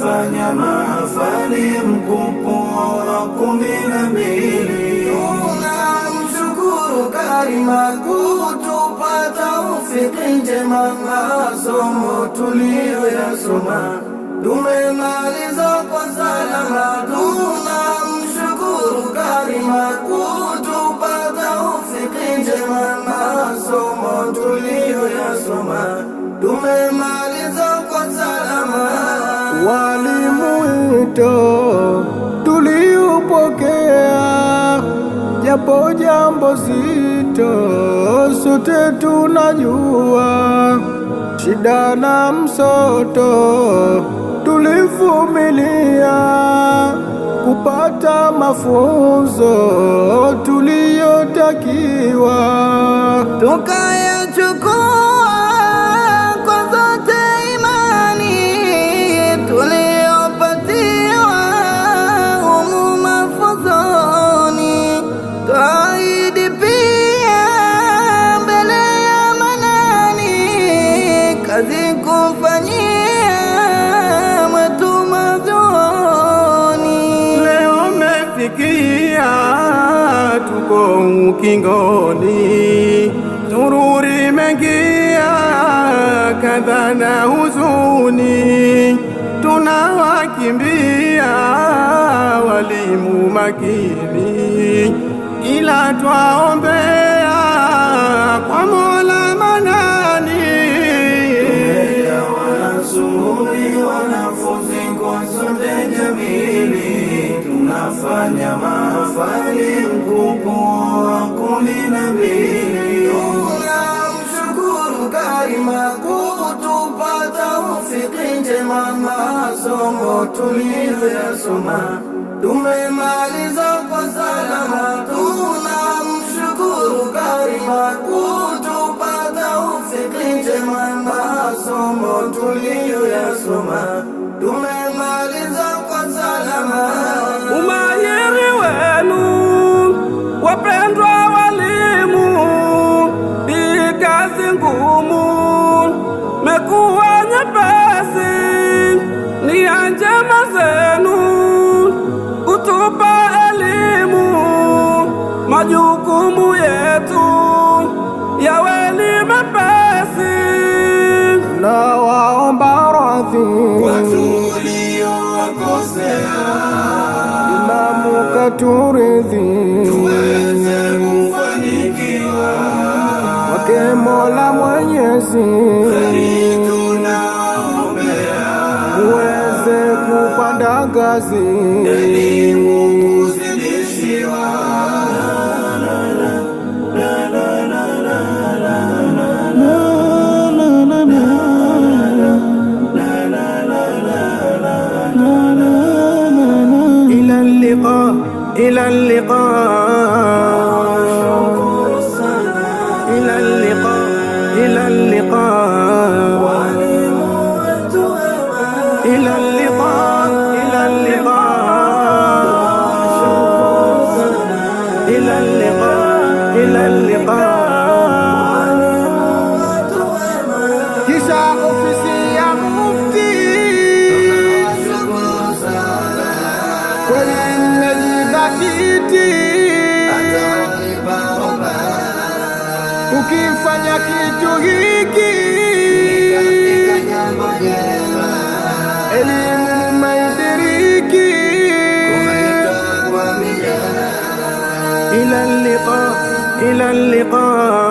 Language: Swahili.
fanya mahafali mkupuo wa kumi na mbili. Tunamshukuru Karima kutupa Usipinge mang'azo tuliyoyasoma, tumemaliza kwa salama, tunamshukuru Karima kutupata. Usipinge mang'azo tuliyoyasoma, tumemaliza kwa salama, Walimu walimuito Japo jambo zito, sote tunajua shida na msoto, tulivumilia kupata mafunzo tuliyotakiwa tukayachukua nimekufanyia matumadhoni, leo umefikia tuko ukingoni, sururi mengia kadha na huzuni, tunawakimbia walimu makini, ila twaombea kwa Shauri wanafunzi kwa sote jamili, tunafanya mahafali mkubwa wa kumi na mbili. Tunamshukuru Karima kutupa taufiki njema, masomo tuliyoyasoma tumemaliza kwa salama. Tunamshukuru Karima kutupa taufiki njema, masomo tuliyo kusoma tumemaliza kwa salama. Umahiri wenu wapendwa walimu, ni kazi ngumu, mekuwa nyepesi, ni anjema zenu kutupa elimu majukumu radhi Imamu katuridhi tuweze kufanikiwa wake Mola Mwenyezi kupanda ngazi elimu kuzidishiwa les اللقاء إلى اللقاء إلى اللقاء إلى اللقاء كساء أوفيسي qui ukifanya kitu hiki إلى اللقاء